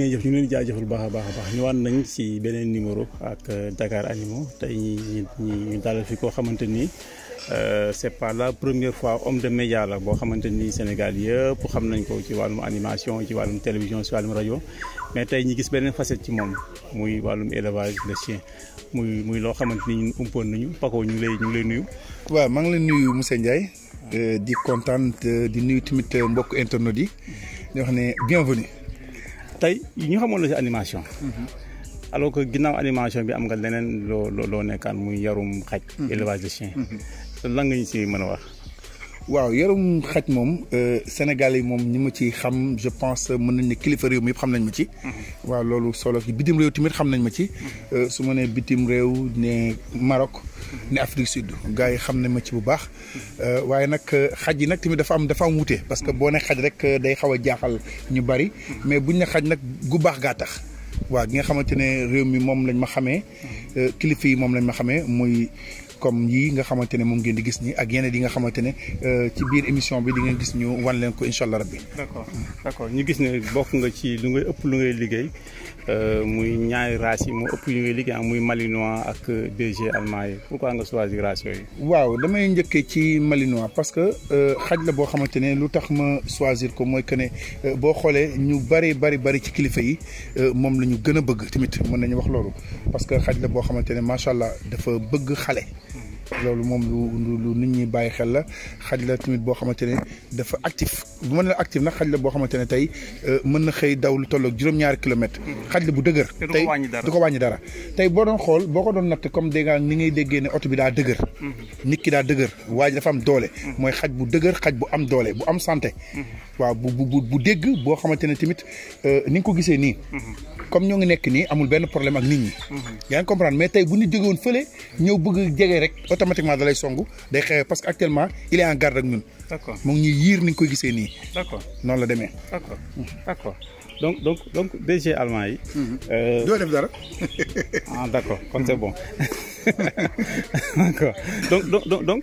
ngeen jëf ñu leen jaajëfal baax a baax a baax ñëwaat nañ ci beneen numéro ak euh, Dakar Animaux tey ñi ñu dalal fi koo xamante ni euh, c'est pas la première fois homme de média la boo xamante ni Sénégal yëpp xam nañ ko ci wàllum animation ci wàllum télévision ci wàllum rajo mais tey ñi gis beneen facette ci moom muy wàllum élevage de chien muy muy loo xamante ni ñun umpoon nañu Paco ñu lay ñu lay nuyu. waaw maa ngi lay nuyu monsieur Ndiaye. Euh, di contente di nuyu tamit mbokk internet yi. di wax ne bienvenue. tey ñu xamoon la ci animation. alors que ginnaaw animation bi am nga leneen loo loo nekkaan muy yarum xaj. Mhm. élevage de chien. Mhm. lan nga ñu ci mën a wax. waaw yarum xaj moom euh, Sénégal Sénégalais mom ñi ma ci xam je pense mën nañ ne kilifa réew mi xam nañ ma ci. Mhm. waaw lolu solo ci bitim réew tamit xam nañ ma ci. Mhm. Euh, su ma nee bitim rew ne Maroc. ne Afrique Sud gaay xam nañ ma ci bu baax. Mhm. Euh, waaye nak xaj nak timit dafa am dafa am wuute parce que bo ne xaj rek day xawa a ñu bari. mais buñ ne xaj nak gu baax ga tax. waaw gi nga xamante rew mi mom lañ ma xamé kilifa yi mom lañ ma xamé muy. comme yii nga xamante ne moom ngeen di gis nii ak yeneen yi nga xamante ne euh, ci biir émission bi di ngeen gis ñu wan leen ko incha allah rabbi. d'accord d'accord ñu gis ne bokk nga ci lu ngay ëpp lu ngay liggéey Euh, muy ñaari race yi moo ëpp yu ngay liggéey am muy malinois ak DG allemand yi pourquoi nga choisir race yooyu. waaw damay njëkkee ci malinois parce que euh, xaj la boo xamante ne lu tax ma choisir ko mooy que ne euh, boo xoolee ñu bari bari bari ci kilifa yi moom la ñu gën a bëgg tamit mën nañu wax loolu parce que xaj la boo xamante ne macha allah dafa bëgg xale. loolu moom lu lu nit ñi bàyyi xel la xaj la tamit boo xamante ne dafa actif bu mën la actif nag xaj la ne tey euh, mën na xëy daw lu tolloog juróom-ñaari kilomètres. xaj la bu dëgër. tey du ko wàññi dara tay boo doon xool boo ko doon natt comme dégg nga ni oto bi daa dëgër. Mm-hmm. nit ki daa dëgër waaye dafa am doole. Mm-hmm. mooy xaj bu dëgër xaj bu am doole bu am santé. Mm-hmm. waaw bu bu bu dégg boo xamante ne tamit euh, ni nga ko gisee nii. comme ñoo ngi nekk nii amul benn problème ak nit ñi. yaa ngi comprendre mais tey bu ñu jógewoon fële ñëw bëgg jege rek automatiquement dalay songu day xew parce que actuellement il est en garde ak ñun. d'accord mo ngi yir ni koy gisé ni d'accord non la démé d'accord d'accord donc donc donc DG allemand yi. Mhm. euh do def dara. ah d'accord accord kon c' bon d'accord donc donc donc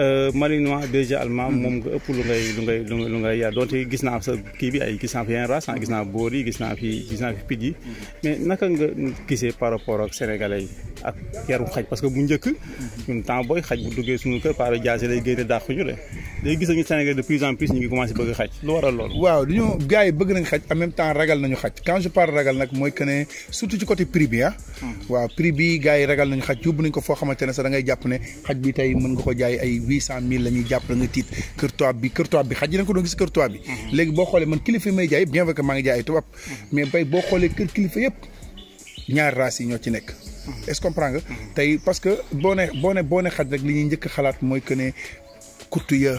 euh malinois DG allemand mom mhm. nga ëpp lu ngay lu ngay lu ngay ya donte gis naa sa ki bi ay gis naa fi yenn race ah, gis naa boor yi gis naa fi gis naa fi picc mhm. mais naka nga gisé par rapport ak sénégalais yi. ak yaru xaj parce que bu njëkk ñun temps booy xaj bu duggee suñu kër par jaase lay génne dàq ñu de léegi gis nañu Sénégal de plus en plus ñu ngi commencé bëgg xaj lu waral loolu waaw du ñu gars yi bëgg nañ xaj en même temps ragal nañu xaj quand je parle ragal ah. hmm. nañu xaj yóbbu nañ ko foo xamante ne sax da ngay jàpp ne xaj bi tey mën nga ko jaay ay huit cent mille la ñuy jàpp la nga tiit kër toit bi kër toit bi xaj yi da nga ko doon gis kër toit bi hmm. léegi boo xoolee man kilifa may jaay bien vrai que maa ngi jaay ay tubaab hmm. mais bay boo xoolee ñoo ci nekk est-ce comprend nga. Mm-hmm. tey parce que boo ne boo ne xaj rek li ñuy njëkk xalaat mooy que ne kuttu ya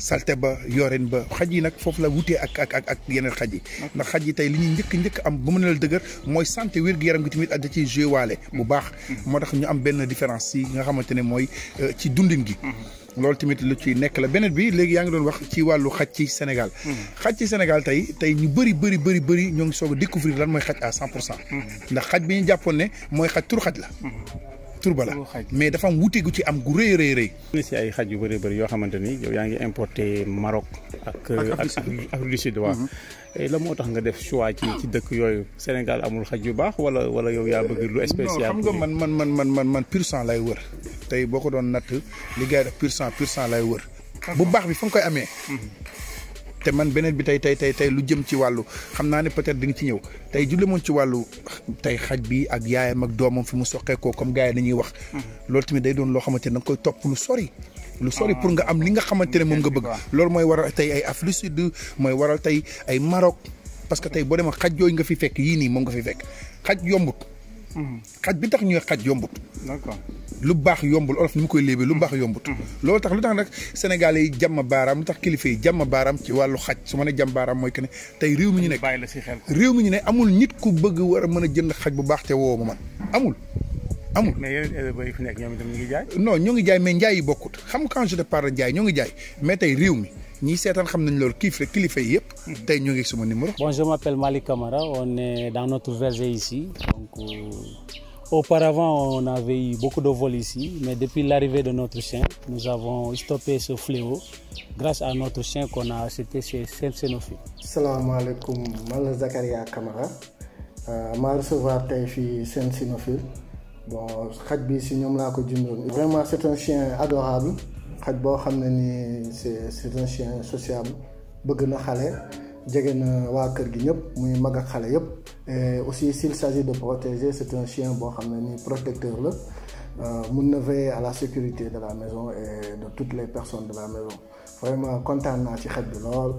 salte ba yorin ba xaj yi nag foofu la wutee ak ak ak ak yeneen xaj yi. ndax xaj yi tey li ñuy njëkk njëkk am ba mu ne la dëgër mooy santé wér gu yaram gi tamit da ciy joué waale bu baax. Mm-hmm. moo tax ñu am benn différence si nga xamante ne mooy euh, ci dundin gi. Mm-hmm. loolu tamit lu ci nekk la beneen bi léegi yaa ngi doon wax ci wàllu xaj ci Sénégal. Hmm. xaj ci Sénégal tey tey ñu bëri bëri bëri bëri ñoo ngi soog a découvrir lan mooy xaj à 100 pour cent. Hmm. ndax xaj bi ñu jàppoon ne mooy xaj tur xaj la. Hmm. tur ba la mais dafa am wuute gu ci am gu rëy rëy rëy. si ay xaj yu bëri bëri yoo xamante ni yow yaa ngi importé Maroc. ak ak Afrique du Sud Eh, la moo tax nga def choix ci ci dëkk yooyu Sénégal amul xaj yu baax wala wala yow yaa bëgg lu spécial. xam nga man man man man man man pur sang lay wër tey boo ko doon natt li gars yi def pur sang pur sang lay wër. bu baax bi fa nga koy amee. Mm-hmm. te man beneen bi tey tey tey tey lu jëm ci wàllu xam naa ne peut-être di nga ci ñëw tey jule moon ci wàllu tey xaj bi ak yaayam ak doomam fi mu soqeekoo comme gars yi dañuy wax. Mm-hmm. loolu tamit day doon loo xamante ne da nga koy topp lu sori. lu sori pour nga am li nga xamante ne moom nga bëgg loolu mooy waral tey ay Afrique du mooy waral tey ay Maroc parce que tey boo demee xaj yooyu nga fi fekk yii nii moom nga fi fekk xaj yombut mhm. xaj bi tax ñuy xaj yombut lu baax yombul olof ni mu koy léebee lu baax yombut mhm. loolu tax lu tax nag Sénégal yi jàmm baaraam lu tax kilifa yi jàmm baaraam ci wàllu xaj su ma ne jam baaraam mooy que ne tey réew mi ñu nekk réew mi ñu ne amul nit ku bëgg war a mën a jënd xaj bu baax te woo ma man amul mais vous éleveurs yi fi nekk ngi non nous ngi jaay mais njaay yi bokkut xam quand je te parle jaay ñoo ngi jaay mais tay réew mi ñiy seetaan xam nañ loolu kilifa kilifa yépp tay hmm. tey ngi suma numéro. Bonjour, je m'appelle Malik Kamara. on est dans notre verger ici donc euh, auparavant on avait eu beaucoup de vols ici mais depuis l'arrivée de notre chien nous avons stoppé ce fléau grâce à notre chien qu'on a acheté chez saint Sanofi. salaamaaleykum man la Zakaria Camara euh, ma recevoir tay fi saint Sanofi bon xaj bi si ñoom laa ko jëndoon vraiment c'est un chien adorable xaj boo xam ne ni c'est c'est un chien sociable bëgg na xale jege na waa kër gi ñëpp muy mag ak xale yëpp et aussi s'il s'agit de protéger c'est un chien boo xam ne ni protecteur la euh, mun na veiller à la sécurité de la maison et de toutes les personnes de la maison vraiment content naa ci xaj bi lool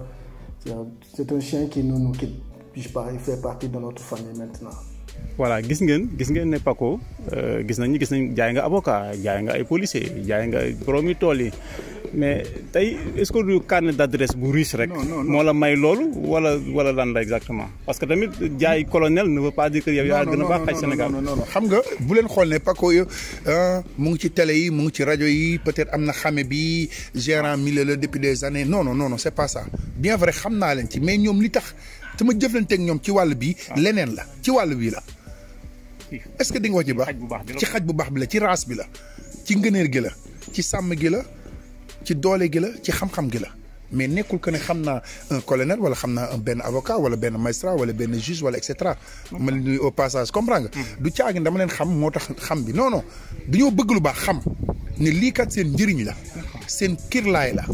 c'est un chien qui nous nous quitte je parle il fait partie de notre famille maintenant voilà gis ngeen gis ngeen ne Paco euh, gis nañu gis nañ jaay nga avocat jaay nga ay policier jaay nga boroomi tool yi mais tey est-ce que du carnet d'adresse bu riche rek. moo la may loolu wala wala lan la exactement. parce que tamit jaay colonel ne veut pas dire que yow yaa gën a baax xaj Sénégal. xam nga bu leen xool ne Paco yo mu ngi ci tele yi mu ngi ci rajo yi peut-être am na xame bi gérant mille la depuis des années non noonu non c'est pas ça bien vrai xam naa leen ci mais ñoom li tax. te ma jëflante ak ñoom ci wàll bi leneen la ci wàll bii la est-ce que di nga wax ci baax ci xaj bu baax bi la ci race bi la ci ngëneer gi la ci sàmm gi la ci doole gi la ci xam-xam gi la mais nekkul que ne xam naa un colonel wala xam naa benn avocat wala benn magistrat wala benn juge wala et cetera. ma leen nuyu au passage comprendre nga. du caagin dama leen xam moo tax xam bi non non dañoo bëgg lu baax xam ne lii kat seen njëriñ la seen kirlaay la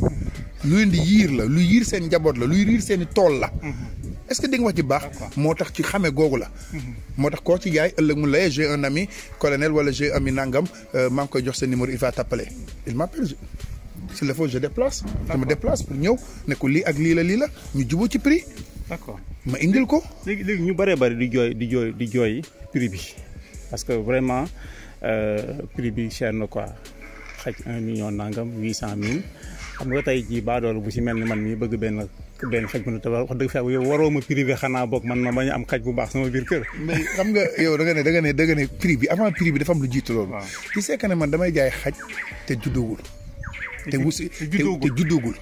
lu leen di yiir la lu yiir seen njaboot la lu yiir seen i tool la. est-ce que tu nga wax ji baax. la. Mm-hmm. ci eh, j'ai un ami colonel wala j'ai ami nangam euh, numéro il va t'appeler il m'appelle s'il le faut je déplace. je me déplace pour venir. ne ko li ak li la la ñu prix. d'accord ma indil ko. ñu di prix parce que vraiment euh, prix bi cher quoi million nangam 800000 xam nga tey jii baadoolu bu si mel ni man mii bëgg benn benn xaj bu ne te dëgg fa yow waroo privé xanaa boog man ma bañ am xaj bu baax sama biir kër. xam nga yow da nga ne da nga ne da nga ne prix bi avant prix bi dafa am lu jiitu loolu. waaw tu sais que ne man damay jaay xaj te juddoogul. te wus te juddoogul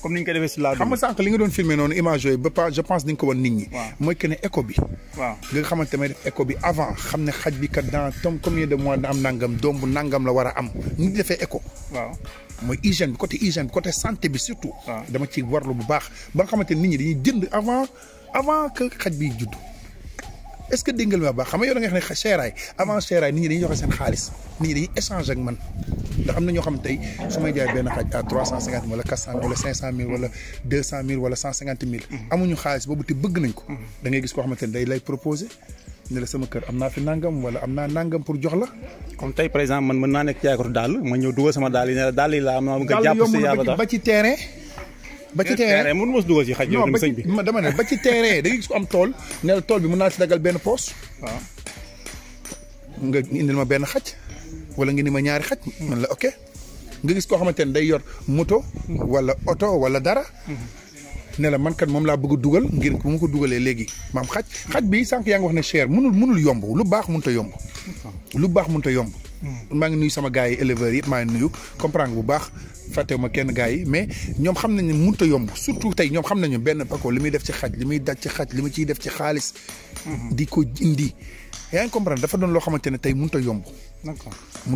comme ko xam nga sank li nga doon filmé non image je pense que ko nit ñi moy que né écho bi waaw nga may def bi avant xam xaj bi kat dans tom combien de mois na am nangam dombu nangam la wara am nit defee écho waaw moy hygiène côté hygiène côté santé bi surtout dama ci warlu bu baax ba nga xamanté nit ñi dañuy jënd avant avant que xaj bi est-ce que dégg nga xam nga yow nga xam avant seeraay nit ñi dañuy joxe seen xaalis nit ñi dañuy échange ak man ndax am na ñoo xam tey su may jaay benn xaj à trois cent cinquante mille wala quatre am naa fi nangam naa nangam pour jox la. comme tey par exemple man mën naa nekk jaaykatu dàll ma ñëw dugal sama dàll yi ne la dàll yi ma nga jàpp si yàlla ba ci terrain ba ci terrain mun mos dugal ci xaj yow sëñ bi dama ne ba ci terrain da ngay gis ko am tool ne tool bi mun naa si dagal benn poos waaw ah. nga indil ma benn xaj wala nga ma ñaari xaj man la ok nga gis koo xamante ne day yor moto wala oto wala dara ne la man kat moom laa bëgg dugal ngir bu ma ko dugalee léegi maam xaj xaj bi sànq yaa ngi wax ne cher mënul mënul yomb lu baax mënut a yomb ah. lu baax mënut a yomb maa ngi nuyu sama gars yi éleveurs yëpp maa ngi nuyu comprendre bu baax fàttewuma kenn gars yi mais ñoom xam nañu mënut a yomb surtout tey ñoom xam nañu benn Paco li muy def ci xaj li muy daj ci xaj li ma ciy def ci xaalis. Mhm. di ko indi. yaa ngi comprendre dafa doon loo xamante ne tey mënut a yomb. d'accord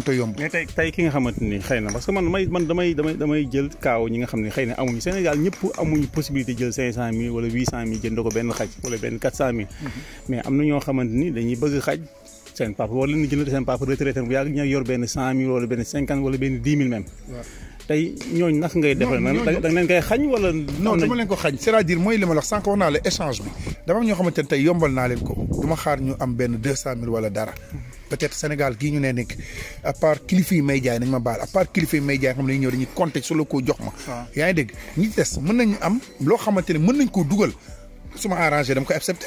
a yomb. mais tey tey ki nga xamante ni xëy na parce que man may man damay damay damay jël kaaw ñi nga xam ne xëy na amuñu Sénégal ñëpp amuñu possibilité jël cinq cent mille wala huit cent mille ko benn xaj wala benn quatre cent mille mhm. mais am na ñoo xamante ni dañuy bëgg xaj seen papa wala ñu jël seen papa retraité bu yàgg ñëw yor benn cent mille wala benn cinquante wala benn dix mille même. tey ñooñu naka ngay defal da nga leen koy xañ wala. non dama leen ko xañ c'est-à-dire mooy li ma la wax sànq wax naa la échange bi dama am ñoo xamante ne tey yombal naa leen ko du ma xaar ñu am benn deux cent mille wala dara. peut-être Sénégal gii ñu ne nekk à part kilifa yi may jaay nañ ma baal à part kilifa yi may jaay xam ne ñëw dañuy compter su la ko jox ma. yaa ngi dégg ñi des mën nañu am loo xamante ne mën nañ koo dugal su ma arrangé dama ko accepté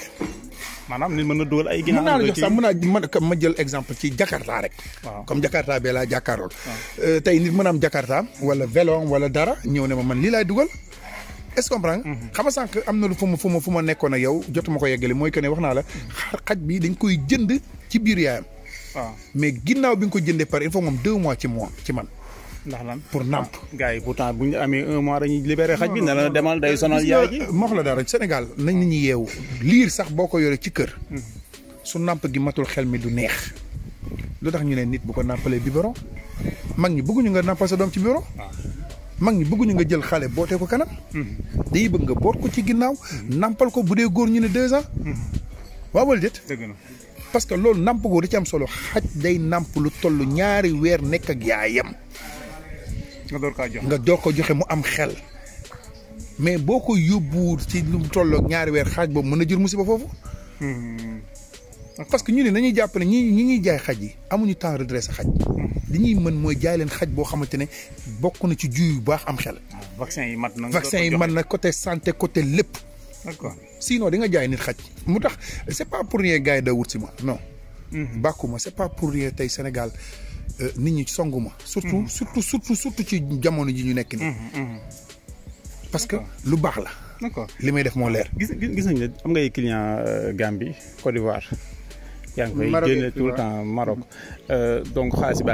maanaam nit mën na dugal ay. ginnaaw mën naa la jox sax mën ma jël exemple ci Jakarta rek. waaw comme Jakarta bee laa jàkkaarool. Euh, tey nit mën a am Jakarta wala vélo wala dara ñëw ne ma man lii laay dugal. est-ce que comprendre mhm. xam am na lu fu ma fu ma fu ma nekkoon ak yow jotuma ko yeggale mooy que ne wax naa la xar mhm. xaj bi dañ koy jënd ci biir yaayam. waaw mais ginnaaw bi nga ko jëndee par il faut moom deux mois ci mois ci man. ndax lan nah, pour namp gars yi pourtant bu ñu amee un mois dañuy libéré xaj bi na la demal day sonal yaay ji mox la dara Sénégal nañ nit ñi yeewu liir sax boko ko yore ci kër hmm. su namp gi matul xel mi du neex lu tax ñu ne nit bu ko nampalee biberon mag ñi bëgguñu nga nampal sa doom ci biberon ah. mag ñi bëgguñu nga jël xale bootee ko kanam hmm. day bëgg nga boot ko ci ginnaaw hmm. nampal ko bu dee góor ñu ne deux ans waaw wala déet parce que loolu namp goo da ci am solo xaj day namp lu toll ñaari weer nekk ak yaayam nga door kaa joxe nga door ko joxe mu am xel. mais boo ko yóbbuwul ci lu mu tolloog ñaari weer xaaj boobu mën na jur musiba foofu. Hmm. parce que ñu ne nañuy jàpp ne ñi ñu ngi jaay xaj yi amuñu temps sa xaj. Hmm. li ñuy mën mooy jaay leen xaj boo xamante ne bokk na ci jiw yu baax am xel. Ah, vaccin yi mat na vaccin yi mat na côté santé côté lépp. d'accord sinon di nga jaay nit xaj. mu tax c'est pas pour rien gars yi da si ma non. Hmm. bàkku ma c'est pas pour rien tey Sénégal. Euh, nous sommes surtout mhm. surtout surtout surtout ci mhm, mhm. parce que lu bax la. d'accord li euh, Gambie Côte d'Ivoire. tout le temps Maroc. Euh, donc tu de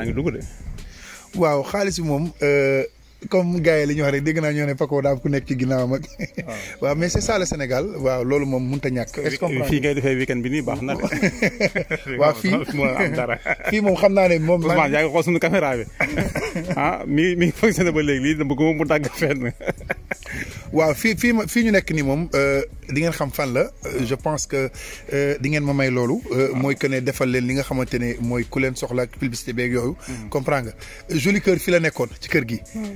comme gars yi ñu wax rek ne Paco ku nekk ci ah. waaw mais c'est ça le Sénégal waaw loolu moom est ce que fii ngay defee weekend bi nii baax waaw fii fii moom xam naa ne moom. yaa ngi xool caméra bi ah mi mi fonctionné ba léegi lii dama ko mu fenn. waaw fii euh, di ngeen xam fan euh, je pense que euh, di ngeen ma may ah. que ne defal leen li nga xamante ne mooy ku leen soxla publicité hmm. nga Joli Cœur fi la ci kër gi. Hmm.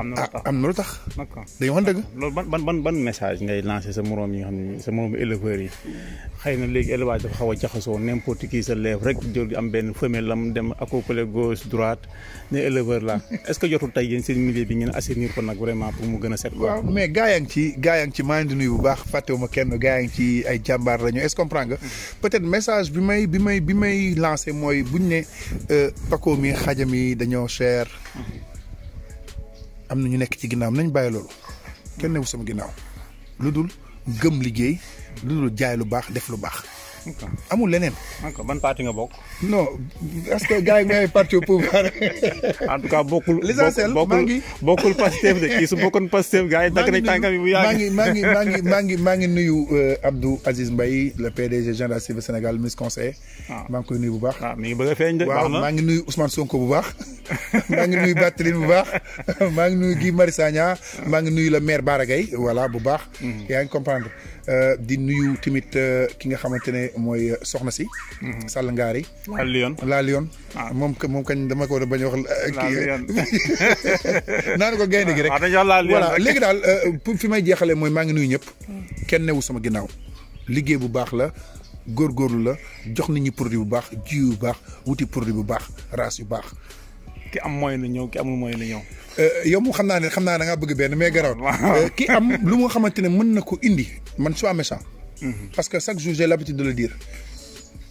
am na lu tax am na lu tax. dëgg. Ah, loolu ban ban ban ban message ngay lancé sa moroom yi nga xam ne sa moroom éleveurs yi xëy na léegi élevage dafa xaw a jaxasoo n'importe qui se lève rek jël di am benn femelle lam dem accoupler gauche droite ne éleveur la est-ce que jotul tey yéen seen milieu bi ngeen assainir ko nag vraiment pour mu gën a set. waaw mais gaa yaa ngi ci gaa yaa ngi ci maa bu baax fàttewuma kenn gaa ngi ci ay jàmbaar lañu est-ce que comprendre nga. peut-être bi may bi may bi may lancé mooy buñ ne euh, Paco mi xajam yi dañoo cher. am na ñu nekk ci ginnaaw nañ bàyyi loolu kenn newu sama ginnaaw lu dul gëm liggéey lu dul jaay lu baax def lu baax amul leneen. ban parti nga non est-ce gars ngay au pouvoir. en tout cas bokul. de gars bu Abdou Aziz Mbaye le PDG Jean Sénégal ah. nuyu bu ah, de. nuyu Ousmane Sonko bu baax. Mangi nuyu bu baax. Guy ah. nuyu le maire Baragay voilà bu mm-hmm. comprendre. Euh, di nuyu tamit euh, ki nga xamante ne mooy euh, soxna si. Mhm. Sall Ngaari. La Lyon La Lyon. Ah. moom moom kañ dama ko bañ a wax. La Lyon naan ko gaynde gi rek. Ah, voilà léegi daal pour fi may jeexalee mooy maa ngi nuyu ñëpp. Mm. kenn newu sama ginnaaw. liggéey bu baax la. góor góorgóorlu la jox nit ñi produit bu baax jiw bu baax wuti produit bu baax race yu baax ki am mooy la ñëw ki amul mooy la ñëw. Euh, xam naa ne xam naa da ngaa bëgg benn mais garaw euh, ki am lu nga xamante ne mën na ko indi man soit méchant. Mhm. parce que chaque jour la l'habitude de le dire.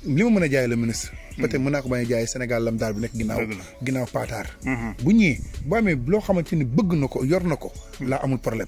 li ma mën a jaay la ministre. Mhm. peut-être mën naa ko bañ a jaay Sénégal lam daal bi nekk ginnaaw. ginnaaw paataar. Mhm. bu ñëwee boo amee loo xamante ni bëgg na ko yor na ko. laa amul problème.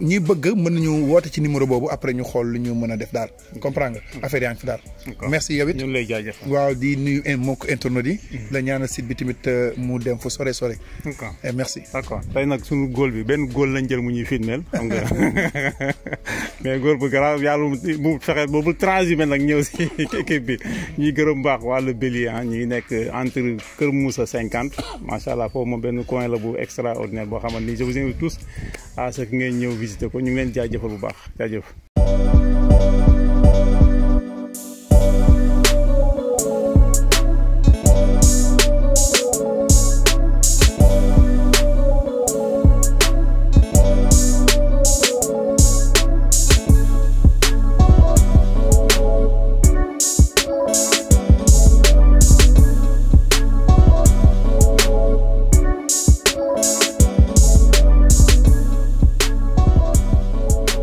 ñi bëgg mën nañu woote ci numéro boobu après ñu xool lu ñu mën a def daal comprendre nga affaire yaa ngi fi daal merci yow it waaw di nuyu mbokk internet yi mhm. la ñaanal site bi tamit euh, mu dem fu sore sore merci d'accord tey nag suñu góol bi benn góol lañ jël mu ñuy filmeel xam nga mais góor bu garaaw yàlla mu fexe boobu transhumé nag ñëw si équipe bi ñuy gërëm baax wàllu bélier ah ñuy nekk entre Kër Moussa cinquante macha allah foofu moom benn coin la bu extraordinaire boo xamante ni je vous invite tous à ce que ngeen ñëw visité ko ñu ngi leen jaajëfal bu baax jaajëf